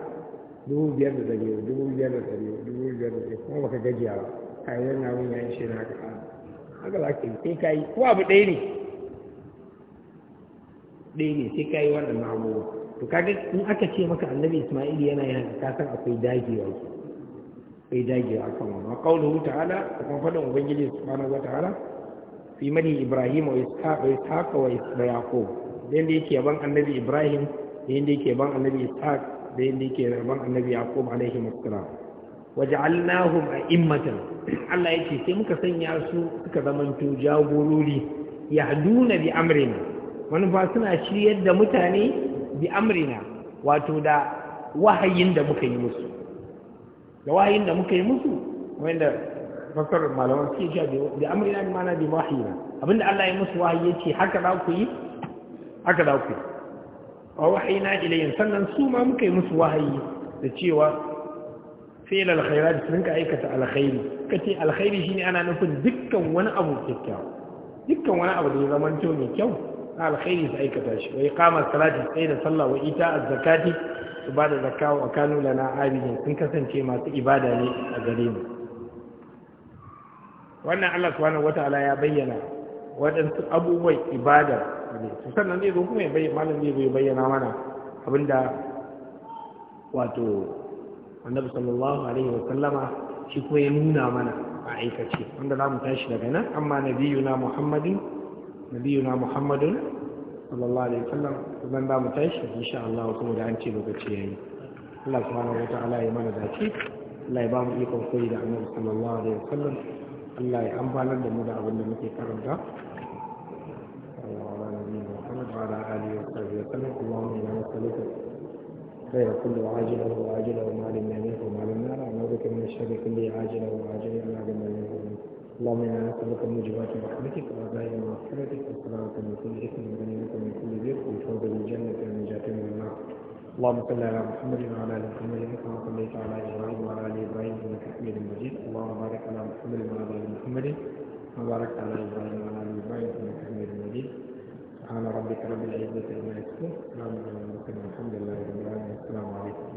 dubu biyar da dari dubu biyar da dari dubu biyar da dari kuma baka gajiya ba kai wani abin ya shi na haka haka za ka yi sai ka yi ko abu ɗaya ne ɗaya ne sai ka yi wannan abubuwa to kaga in aka ce maka annabi isma'il yana yin haka kasan akwai dagewa akwai dagewa akan wannan qawluhu ta'ala kuma faɗin ubangiji subhanahu wa ta'ala fi mali ibrahim wa ishaqa wa ishaqa wa yaqub da yake ban annabi ibrahim da yake ban annabi ishaq da yake ban annabi yaqub alaihi assalam waj'alnahum a'immatan Allah yake sai muka sanya su suka to jagorori yahduna bi amrina manufa suna shiryar da mutane bi amrina wato da wahayin da muka yi musu da wahayin da muka yi musu wanda fassarar malaman suke cewa da amri na mana bi wahina abinda Allah ya musu wahayi ce haka za ku yi haka za ku yi wa na ilayhim sannan su ma muka yi musu wahayi da cewa fi'l alkhairat sun ka aikata alkhairi Ka ce alkhairi shi ne ana nufin dukkan wani abu kyakkyawa dukkan wani abu da ya zama to mai kyau na alkhairi su aikata shi Wai iqamat salati sai da sallah wa ita az-zakati su ba da zakawa wa kanu lana abidin sun kasance masu ibada ne a gare mu wannan Allah subhanahu wataala ya bayyana waɗansu abubuwan ibada ne to sannan zai zo kuma ya bayyana malam zai zo bayyana mana abinda wato annabi sallallahu alaihi wa sallama shi kuma ya nuna mana a aikace wanda za tashi daga nan amma nabiyuna muhammadin nabiyuna muhammadun sallallahu alaihi wa sallam zan mu tashi insha Allah kuma da an ce lokaci yayi Allah subhanahu wataala ya mana dace Allah ya ba mu ikon koyi da annabi sallallahu alaihi wa sallam Allah ya amfanar da mu da abin da muke karanta وعلى آله وصحبه وسلم اللهم إنا نسألك خير كل عاجله وآجله وما لنا منه وما لم نرى ونعوذ بك من الشر كله عاجله وآجله وما لنا منه اللهم إنا نسألك موجبات رحمتك وعزائم مغفرتك والسلامة من كل إثم وغنيمة من كل ذنب والفوز اللهم صل على محمد وعلى ال محمد كما صليت على ابراهيم وعلى ال ابراهيم انك حميد مجيد اللهم بارك على محمد وعلى ال محمد كما باركت على ابراهيم وعلى ال ابراهيم انك حميد مجيد سبحان ربك رب العزه عما يصفون سلام على المرسلين والحمد لله رب العالمين السلام عليكم